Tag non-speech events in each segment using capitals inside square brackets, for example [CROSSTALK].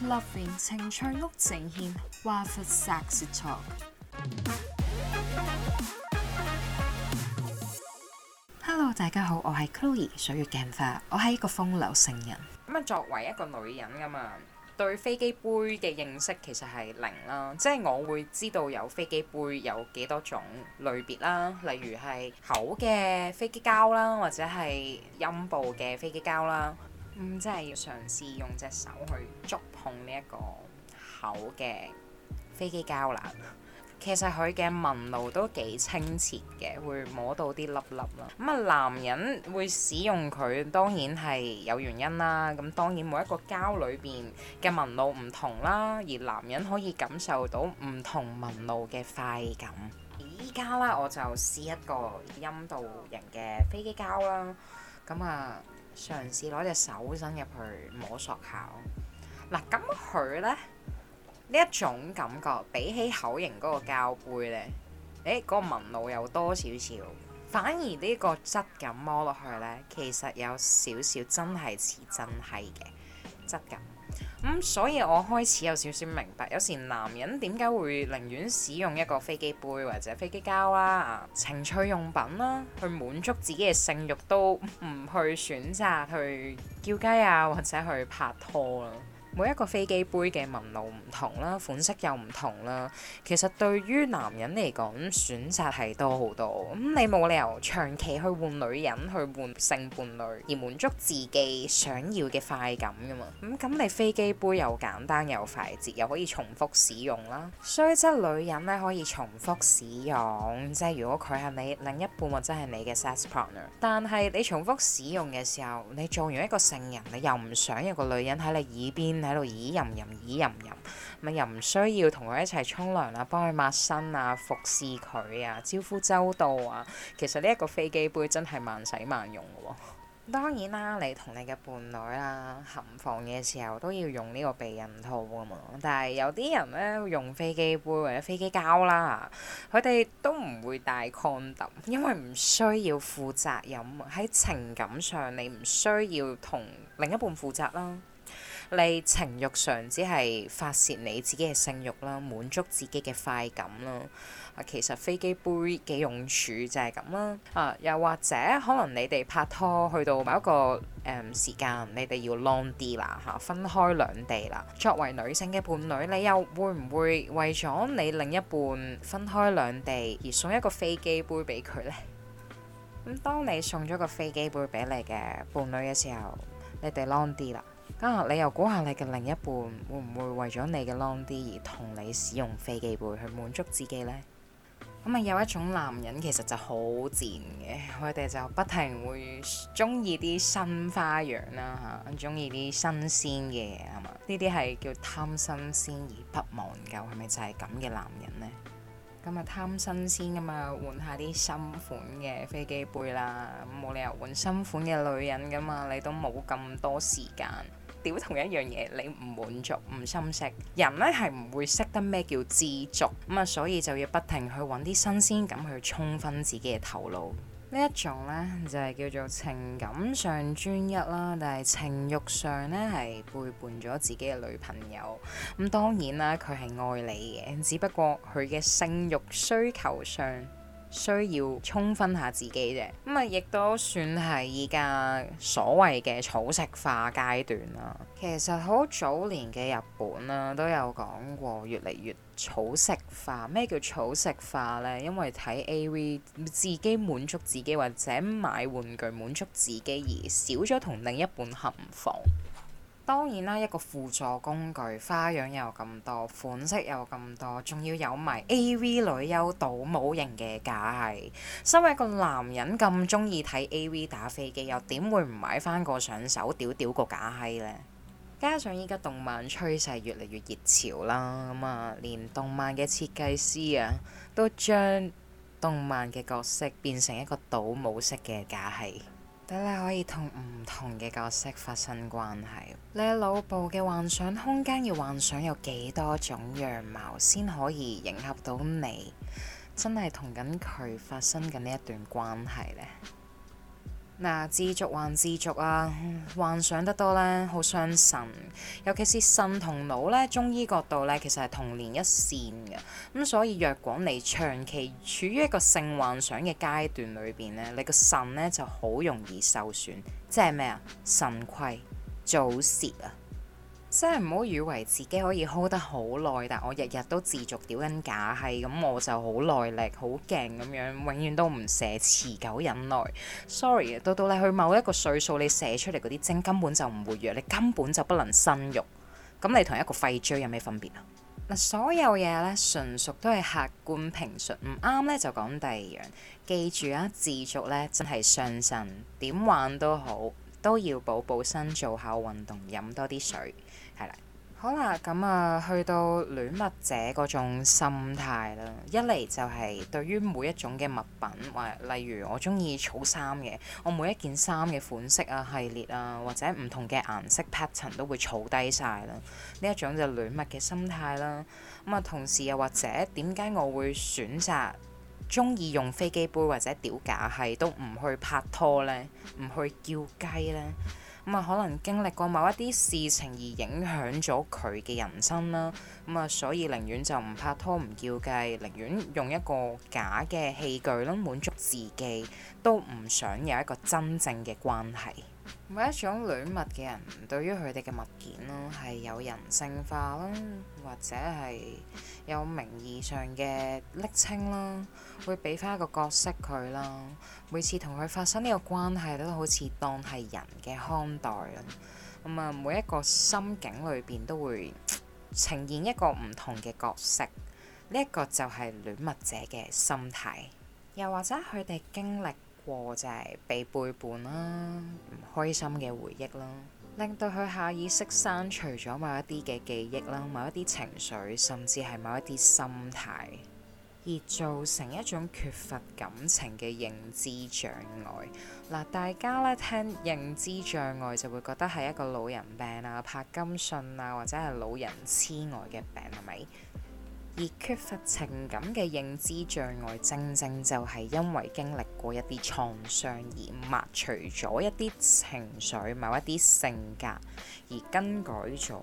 Loving 情趣屋呈現華服 sexy talk Hello，大家好，我係 Chloe 水月鏡花，我係一個風流成人。咁啊，作為一個女人噶嘛，對飛機杯嘅認識其實係零啦，即係我會知道有飛機杯有幾多種類別啦，例如係厚嘅飛機膠啦，或者係陰部嘅飛機膠啦。咁、嗯、真係要嘗試用隻手去觸碰呢一個口嘅飛機膠啦， [LAUGHS] 其實佢嘅紋路都幾清澈嘅，會摸到啲粒粒啦。咁、嗯、啊，男人會使用佢當然係有原因啦。咁當然每一個膠裏邊嘅紋路唔同啦，而男人可以感受到唔同紋路嘅快感。依家咧，我就試一個陰道型嘅飛機膠啦。咁、嗯、啊～、嗯嘗試攞隻手伸入去摸索口，嗱，咁佢呢，呢一種感覺比起口型嗰個膠杯呢，誒，嗰個紋路又多少少，反而呢個質感摸落去呢，其實有少少真係似真係嘅。質、嗯、所以我開始有少少明白，有時男人點解會寧願使用一個飛機杯或者飛機膠啦、啊、情趣用品啦、啊，去滿足自己嘅性欲，都唔去選擇去叫雞啊，或者去拍拖啦、啊。每一個飛機杯嘅紋路唔同啦，款式又唔同啦。其實對於男人嚟講，選擇係多好多。咁、嗯、你冇理由長期去換女人，去換性伴侶，而滿足自己想要嘅快感噶嘛？咁、嗯、咁、嗯、你飛機杯又簡單又快捷，又可以重複使用啦。雖則女人咧可以重複使用，即係如果佢係你另一半或者係你嘅 sex partner，但係你重複使用嘅時候，你做完一個聖人，你又唔想有個女人喺你耳邊。喺度咦吟吟咦吟，吟吟，咪又唔需要同佢一齊沖涼啊，幫佢抹身啊，服侍佢啊，招呼周到啊。其實呢一個飛機杯真係萬使萬用嘅喎。 [LAUGHS] 當然啦，你同你嘅伴侶啦，閂房嘅時候都要用呢個避孕套啊嘛。但係有啲人咧用飛機杯或者飛機膠啦，佢哋都唔會帶 condom，因為唔需要負責任，飲喺情感上你唔需要同另一半負責啦。你情欲上只係發泄你自己嘅性欲啦，滿足自己嘅快感啦。啊，其實飛機杯嘅用處就係咁啦。啊，又或者可能你哋拍拖去到某一個誒、嗯、時間，你哋要 long 啲啦嚇、啊，分開兩地啦。作為女性嘅伴侶，你又會唔會為咗你另一半分開兩地而送一個飛機杯俾佢呢？咁 [LAUGHS] 當你送咗個飛機杯俾你嘅伴侶嘅時候，你哋 long 啲啦。咁啊！你又估下，你嘅另一半會唔會為咗你嘅 long day 而同你使用飛機杯去滿足自己呢？咁啊、嗯，有一種男人其實就好賤嘅，我哋就不停會中意啲新花樣啦吓，中意啲新鮮嘅啊嘛。呢啲係叫貪新鮮而不忘舊，係咪就係咁嘅男人呢？咁啊，貪新鮮，咁啊，換下啲新款嘅飛機杯啦，冇理由換新款嘅女人噶嘛，你都冇咁多時間。屌同一樣嘢，你唔滿足唔心息，人呢係唔會識得咩叫知足。咁啊，所以就要不停去揾啲新鮮感去充分自己嘅頭腦。呢一種呢，就係叫做情感上專一啦，但係情慾上呢？係背叛咗自己嘅女朋友咁。當然啦，佢係愛你嘅，只不過佢嘅性慾需求上。需要充分下自己啫，咁啊亦都算係依家所謂嘅草食化階段啦。其實好早年嘅日本啦、啊、都有講過越嚟越草食化。咩叫草食化咧？因為睇 A V 自己滿足自己，或者買玩具滿足自己，而少咗同另一半合房。當然啦，一個輔助工具，花樣又咁多，款式又咁多，仲要有埋 A.V. 女優倒模型嘅假閪。身為一個男人咁中意睇 A.V. 打飛機，又點會唔買返個上手屌屌個假閪呢？加上依家動漫趨勢越嚟越熱潮啦，咁啊，連動漫嘅設計師啊，都將動漫嘅角色變成一個倒模式嘅假閪。你可以同唔同嘅角色發生關係。你腦部嘅幻想空間要幻想有幾多種樣貌，先可以迎合到你真係同緊佢發生緊呢一段關係呢？嗱，知足還知足啊！幻想得多呢，好傷腎，尤其是腎同腦呢，中醫角度呢，其實係同年一線嘅。咁所以，若果你長期處於一個性幻想嘅階段裏邊呢，你個腎呢就好容易受損，即係咩啊？腎虧、早泄啊！真係唔好以為自己可以 hold 得好耐，但我日日都自續屌緊假閪咁，我就好耐力好勁咁樣，永遠都唔射持久忍耐。Sorry，到到你去某一個歲數，你射出嚟嗰啲精根本就唔活躍，你根本就不能生育，咁你同一個廢豬有咩分別啊？嗱，所有嘢咧純屬都係客觀評述，唔啱咧就講第二樣。記住啊，自續咧真係傷身。點玩都好都要補補身，做下運動，飲多啲水。係啦， [MUSIC] 好啦，咁啊，去到戀物者嗰種心態啦，一嚟就係對於每一種嘅物品，或例如我中意儲衫嘅，我每一件衫嘅款式啊、系列啊，或者唔同嘅顏色 pattern 都會儲低晒啦。呢一種就係戀物嘅心態啦。咁、嗯、啊，同時又或者點解我會選擇中意用飛機杯或者屌假閪，係都唔去拍拖呢，唔去叫雞呢？咁啊，可能經歷過某一啲事情而影響咗佢嘅人生啦。咁啊，所以寧願就唔拍拖，唔叫雞，寧願用一個假嘅器具咯，滿足自己，都唔想有一個真正嘅關係。每一種戀物嘅人，對於佢哋嘅物件咯，係有人性化咯，或者係有名義上嘅暱稱咯，會俾翻一個角色佢啦。每次同佢發生呢個關係都好似當係人嘅看待咯。咁啊，每一個心境裏邊都會呈現一個唔同嘅角色。呢、這、一個就係戀物者嘅心態，又或者佢哋經歷過、哦、就係、是、被背叛啦，唔開心嘅回憶啦，令到佢下意識刪除咗某一啲嘅記憶啦，某一啲情緒，甚至係某一啲心態，而造成一種缺乏感情嘅認知障礙。嗱、啊，大家咧聽認知障礙就會覺得係一個老人病啊、帕金遜啊，或者係老人痴呆嘅病係咪？是而缺乏情感嘅認知障礙，正正就係因為經歷過一啲創傷而抹除咗一啲情緒、某一啲性格，而更改咗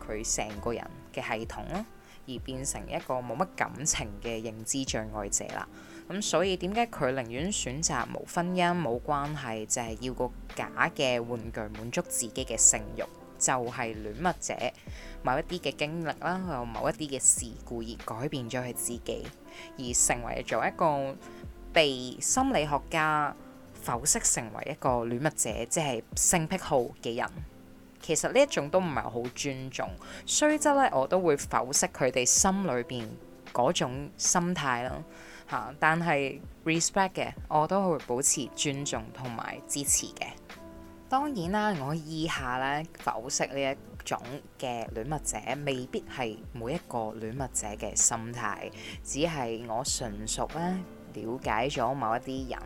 佢成個人嘅系統啦，而變成一個冇乜感情嘅認知障礙者啦。咁所以點解佢寧願選擇冇婚姻、冇關係，就係要個假嘅玩具滿足自己嘅性慾。就係戀物者某一啲嘅經歷啦，又某一啲嘅事故而改變咗佢自己，而成為咗一個被心理學家剖析成為一個戀物者，即係性癖好嘅人。其實呢一種都唔係好尊重，雖則咧，我都會剖析佢哋心裏邊嗰種心態啦。嚇，但係 respect 嘅，我都會保持尊重同埋支持嘅。當然啦，我以下咧剖析呢一種嘅戀物者，未必係每一個戀物者嘅心態，只係我純屬咧了解咗某一啲人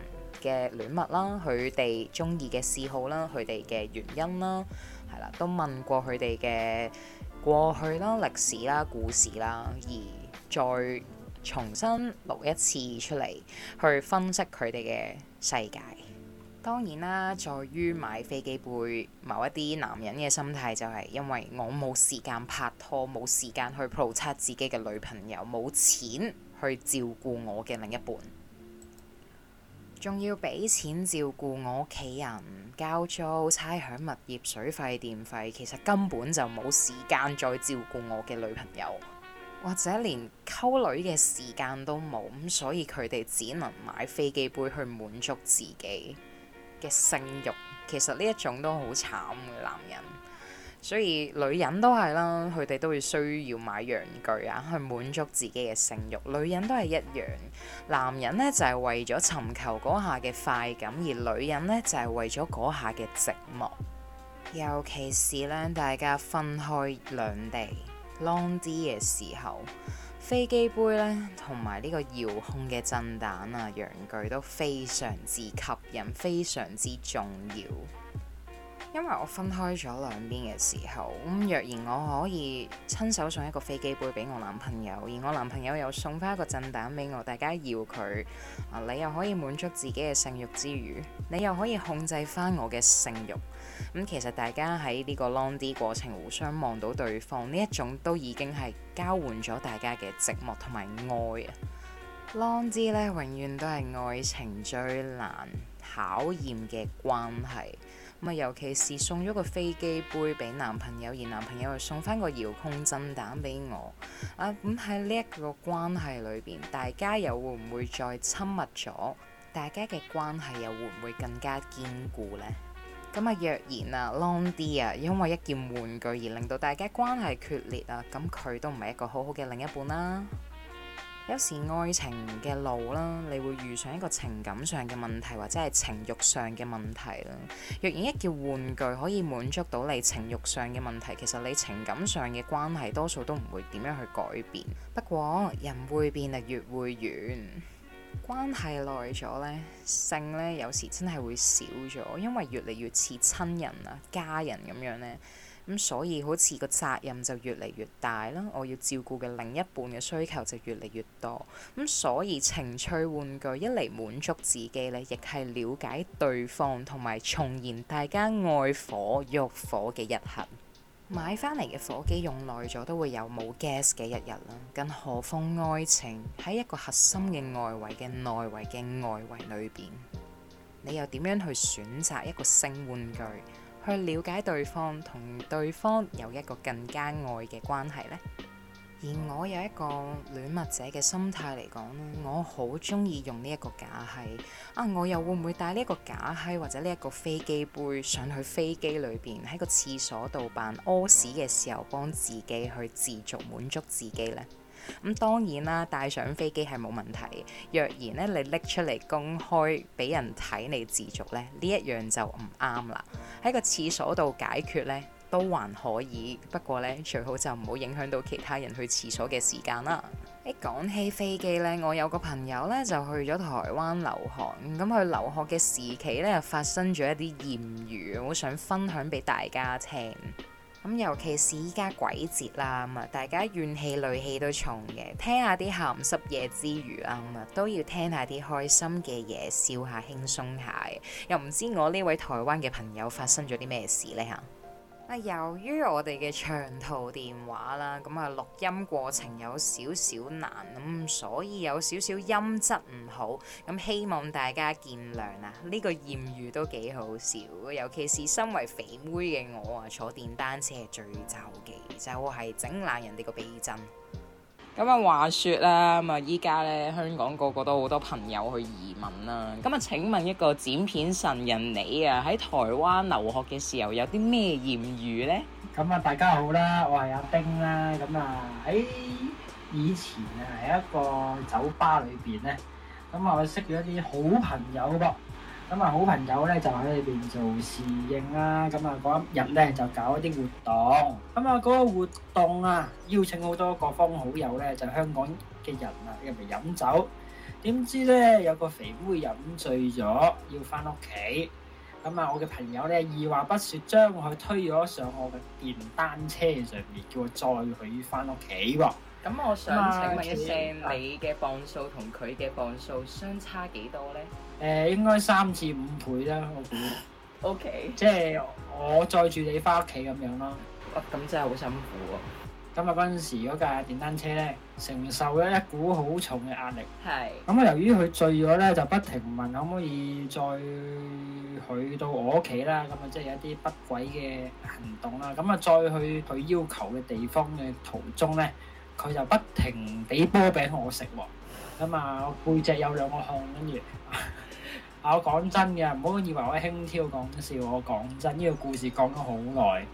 嘅戀物啦，佢哋中意嘅嗜好啦，佢哋嘅原因啦，係啦，都問過佢哋嘅過去啦、歷史啦、故事啦，而再重新錄一次出嚟去分析佢哋嘅世界。當然啦，在於買飛機杯某一啲男人嘅心態就係因為我冇時間拍拖，冇時間去 protect 自己嘅女朋友，冇錢去照顧我嘅另一半，仲要俾錢照顧我屋企人交租、差餉物業水費電費，其實根本就冇時間再照顧我嘅女朋友，或者連溝女嘅時間都冇咁，所以佢哋只能買飛機杯去滿足自己嘅性欲，其實呢一種都好慘嘅男人，所以女人都係啦，佢哋都會需要買陽具啊，去滿足自己嘅性欲。女人都係一樣，男人呢就係、是、為咗尋求嗰下嘅快感，而女人呢就係、是、為咗嗰下嘅寂寞，尤其是呢，大家分開兩地 long 啲嘅時候。飛機杯呢，同埋呢個遙控嘅震蛋啊，陽具都非常之吸引，非常之重要。因為我分開咗兩邊嘅時候，咁、嗯、若然我可以親手送一個飛機杯俾我男朋友，而我男朋友又送翻一個震蛋俾我，大家要佢啊，你又可以滿足自己嘅性慾之餘，你又可以控制翻我嘅性慾。咁其實大家喺呢個 long 啲過程，互相望到對方呢一種，都已經係交換咗大家嘅寂寞同埋愛啊。long 啲咧，永遠都係愛情最難考驗嘅關係。咁、嗯、啊，尤其是送咗個飛機杯俾男朋友，而男朋友又送翻個遙控震彈俾我啊。咁喺呢一個關係裏邊，大家又會唔會再親密咗？大家嘅關係又會唔會更加堅固呢？咁啊，若然啊，long 啲啊，因為一件玩具而令到大家關係決裂啊，咁佢都唔係一個好好嘅另一半啦、啊。有時愛情嘅路啦、啊，你會遇上一個情感上嘅問題或者係情欲上嘅問題啦、啊。若然一件玩具可以滿足到你情欲上嘅問題，其實你情感上嘅關係多數都唔會點樣去改變。不過人會變啊，越會遠。關係耐咗呢，性呢，有時真係會少咗，因為越嚟越似親人啊、家人咁樣呢。咁所以好似個責任就越嚟越大啦。我要照顧嘅另一半嘅需求就越嚟越多，咁所以情趣玩具一嚟滿足自己呢，亦係了解對方同埋重燃大家愛火欲火嘅一刻。買返嚟嘅火機用耐咗都會有冇 gas 嘅一日啦，更何況愛情喺一個核心嘅外圍嘅內圍嘅外圍裏邊，你又點樣去選擇一個性玩具，去了解對方，同對，對方有一個更加愛嘅關係呢？而我有一個戀物者嘅心態嚟講咧，我好中意用呢一個假閪啊！我又會唔會帶呢一個假閪或者呢一個飛機杯上去飛機裏邊喺個廁所度扮屙屎嘅時候幫自己去自足滿足自己呢？咁、嗯、當然啦，帶上飛機係冇問題。若然咧，你拎出嚟公開俾人睇你自續呢，呢一樣就唔啱啦。喺個廁所度解決呢，都還可以，不過呢，最好就唔好影響到其他人去廁所嘅時間啦。誒、欸、講起飛機呢，我有個朋友呢，就去咗台灣留學，咁佢留學嘅時期呢，又發生咗一啲艷遇。我想分享俾大家聽。咁尤其是依家鬼節啦，咁啊大家怨氣戾氣都重嘅，聽下啲鹹濕嘢之餘啊，咁啊都要聽下啲開心嘅嘢，笑下輕鬆下，又唔知我呢位台灣嘅朋友發生咗啲咩事呢？嚇？啊，由於我哋嘅長途電話啦，咁啊錄音過程有少少難，咁所以有少少音質唔好，咁希望大家見諒啊。呢、這個艷遇都幾好笑，尤其是身為肥妹嘅我啊，坐電單車係最就忌，就係整爛人哋個避震。咁啊，話説啦，咁啊，依家咧香港個個都好多朋友去移民啦。咁啊，請問一個剪片神人你啊，喺台灣留學嘅時候有啲咩艷遇呢？咁啊，大家好啦，我係阿丁啦。咁啊，喺以前啊，喺一個酒吧裏邊呢，咁啊，我識咗一啲好朋友噃。咁啊，好朋友咧就喺裏邊做侍應啦，咁啊，嗰日咧就搞一啲活動，咁啊嗰個活動啊邀請好多各方好友咧，就香港嘅人啦，入嚟飲酒。點知咧有個肥妹飲醉咗，要翻屋企，咁啊我嘅朋友咧二話不說將佢推咗上我嘅電單車上面，叫我再去翻屋企喎。咁我想請問一聲，你嘅磅數同佢嘅磅數相差幾多咧？誒，應該三至五倍啦，我估。OK。即係我載住你翻屋企咁樣咯。哇！咁真係好辛苦啊。咁啊，嗰陣時嗰架電單車咧，承受咗一股好重嘅壓力。係。咁啊，由於佢醉咗咧，就不停問可唔可以再去到我屋企啦。咁啊，即係有一啲不軌嘅行動啦。咁啊，再去佢要求嘅地方嘅途中咧。佢就不停俾波餅我食喎、哦，咁啊背脊有兩個孔，跟住 [LAUGHS] 我講真嘅，唔好以，以為我輕佻講笑，我講真呢、這個故事講咗好耐。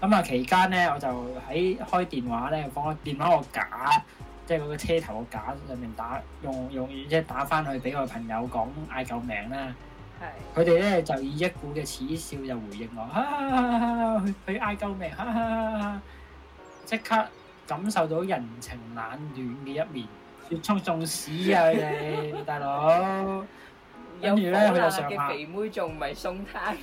咁啊期間咧，我就喺開電話咧，放電話個架，即係嗰個車頭個架上面打用用即係打翻去俾我朋友講嗌救命啦。係是，佢哋咧就以一股嘅恥笑就回應我，佢嗌救命，即刻。感受到人情冷暖嘅一面，要沖仲屎啊你大佬！跟住咧佢就上下，肥妹仲唔係鬆胎，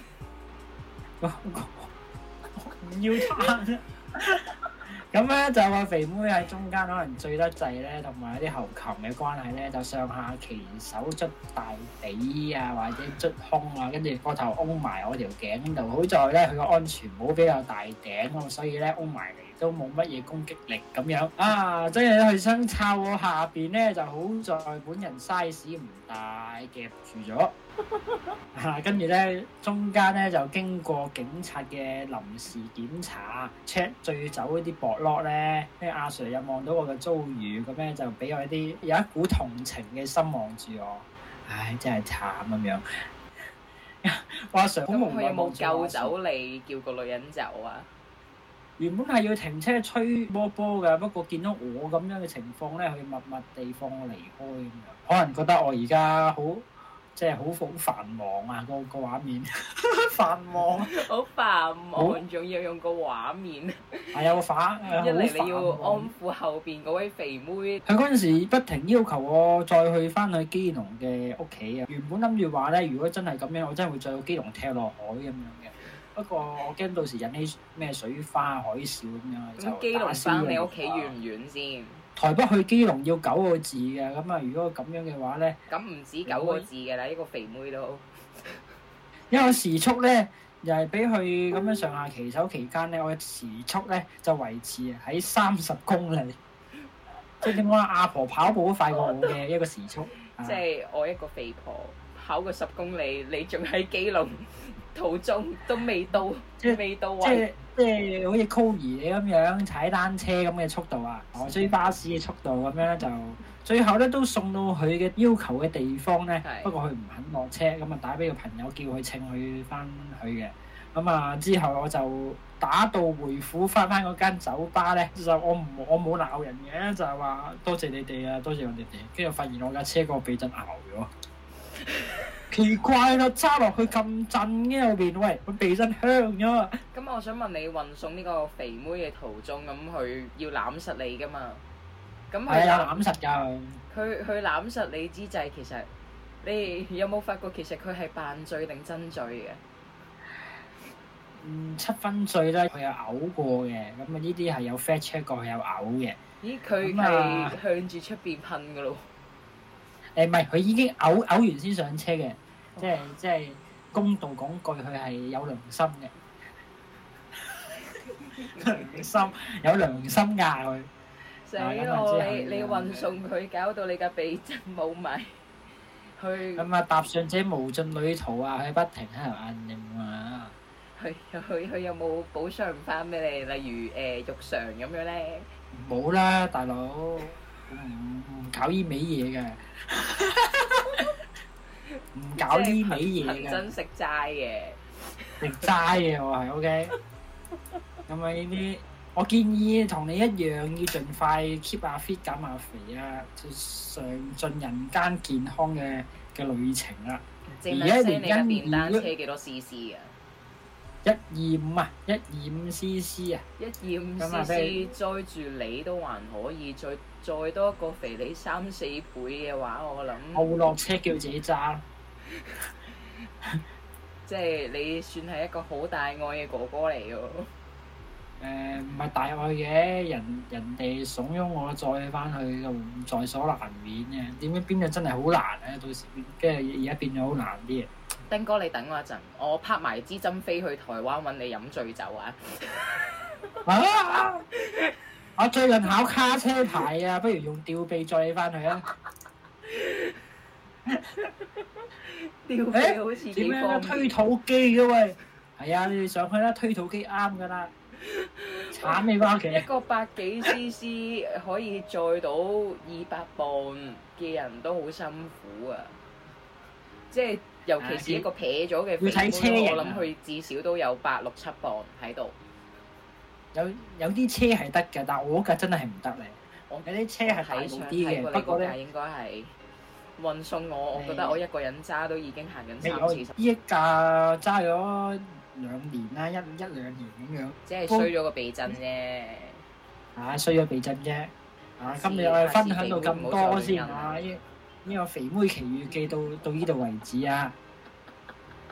咁咧就話肥妹喺中間可能醉得滯咧，同埋啲喉琴嘅關係咧，就上下其手捽大髀啊，或者捽胸啊，跟住個頭翁埋我條頸度。好在咧佢個安全帽比較大頂啊嘛，所以咧翁埋你。都冇乜嘢攻擊力咁樣啊！真係去想湊我下邊咧，就好在本人 size 唔大，夾住咗。跟住咧，中間咧就經過警察嘅臨時檢查 check 醉酒呢啲博洛咧，跟住阿 sir 又望到我嘅遭遇，咁咧就俾我一啲有一股同情嘅心望住我。唉，真係慘咁樣。阿、 [LAUGHS] 啊、sir, [LAUGHS] 啊、sir 好可以有冇救走、啊、Sir? 你，叫個女人走啊？原本係要停車吹波波㗎，不過見到我咁樣嘅情況咧，佢默默地放我離開咁樣。可能覺得我而家好即係好好繁忙啊，個個畫面， [LAUGHS] 哎哎、繁忙，好繁忙，仲要用個畫面。係啊，反一嚟你要安撫後邊嗰位肥妹。佢嗰陣時不停要求我再去翻去基隆嘅屋企啊！原本諗住話咧，如果真係咁樣，我真係會再喺基隆踢落海咁樣。不過我驚到時引起咩水花海嘯咁樣。咁基隆翻你屋企遠唔遠先？台北去基隆要九個字嘅，咁啊如果咁樣嘅話咧，咁唔止九個字㗎啦，一個肥妹都。因為時速咧，又係俾佢咁樣上下其手期間咧，我嘅時速咧就維持喺三十公里。即係點講啊？阿婆跑步都快過我嘅一個時速，即係我一個肥婆跑個十公里，你仲喺基隆。途中都未到，即係未到位，即係即係好似 Kohi 你咁樣踩單車咁嘅速度啊，追巴士嘅速度咁樣就， [LAUGHS] 最後咧都送到佢嘅要求嘅地方咧， [LAUGHS] 不過佢唔肯落車，咁啊打俾個朋友叫佢請佢翻去嘅，咁啊之後我就打道回府翻返嗰間酒吧咧，就我唔我冇鬧人嘅，就係話多謝你哋啊，多謝、啊、我哋哋，跟住發現我架車個避震咬咗。奇怪咯，揸落去咁震嘅後面，喂，佢鼻真香咗。咁我想問你，運送呢個肥妹嘅途中，咁佢要攬實你噶嘛？咁佢攬實㗎。佢佢攬實你之際，其實你有冇發覺其實佢係扮醉定真醉嘅？嗯，七分醉啦，佢有嘔過嘅，咁啊呢啲係有 fact check 過，係有嘔嘅。咦，佢係向住出邊噴㗎咯？誒，唔係，佢已經嘔嘔完先上車嘅。即係即係公道講句，佢係有良心嘅，良心有良心㗎佢。死咯！你你運送佢，搞到你嘅鼻震冇埋去。咁啊，踏上這無盡旅途啊，佢不停喺度硬認話。佢佢佢有冇補償翻俾你？例如誒肉償咁樣咧？冇啦，大佬，唔搞依啲味嘢嘅。唔搞呢味嘢嘅，真食齋嘅，食齋嘅我係 O K。咁啊呢啲，我建議同你一樣要盡快 keep 阿 fit 減阿肥啊，就上進人間健康嘅嘅旅程啦、啊。而家年你嘅電單車幾多 CC 啊？一二五啊，一二五 CC 啊，一二五 CC 追住你都還可以，再再多一個肥你三四倍嘅話，我諗我會落車叫自己揸，即係你算係一個好大愛嘅哥哥嚟㗎。誒、呃，唔係大愛嘅，人人哋慫恿我再翻去，就在所難免嘅。點解邊個真係好難咧、啊？到時跟而家變咗好難啲。丁哥，你等我一陣，我拍埋支針飛去台灣揾你飲醉酒啊！我最近考卡車牌啊，不如用吊臂載你翻去啊！吊臂好似幾方便。推土機嘅喂，係啊、欸，你哋上去啦，推土機啱噶啦。慘、啊、你翻屋企。一個百幾 CC 可以載到二百磅嘅人都好辛苦啊！即係。尤其是一個撇咗嘅，會睇車，我諗佢至少都有八六七磅喺度。有有啲車係得嘅，但係我架真係唔得咧。我啲車係睇上係嗰個價應該係運送我，我覺得我一個人揸都已經行緊三次十。呢架揸咗兩年啦，一一兩年咁樣。即係衰咗個避震啫。嚇！衰咗避震啫。嚇！今日我哋分享到咁多先嚇。呢個肥妹奇遇記到到呢度為止啊！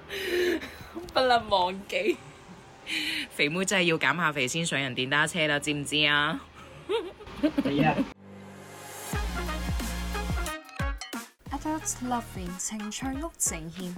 [LAUGHS] 不能忘記， [LAUGHS] 肥妹真係要減下肥先上人電單車啦，知唔知啊？晴趣屋呈現。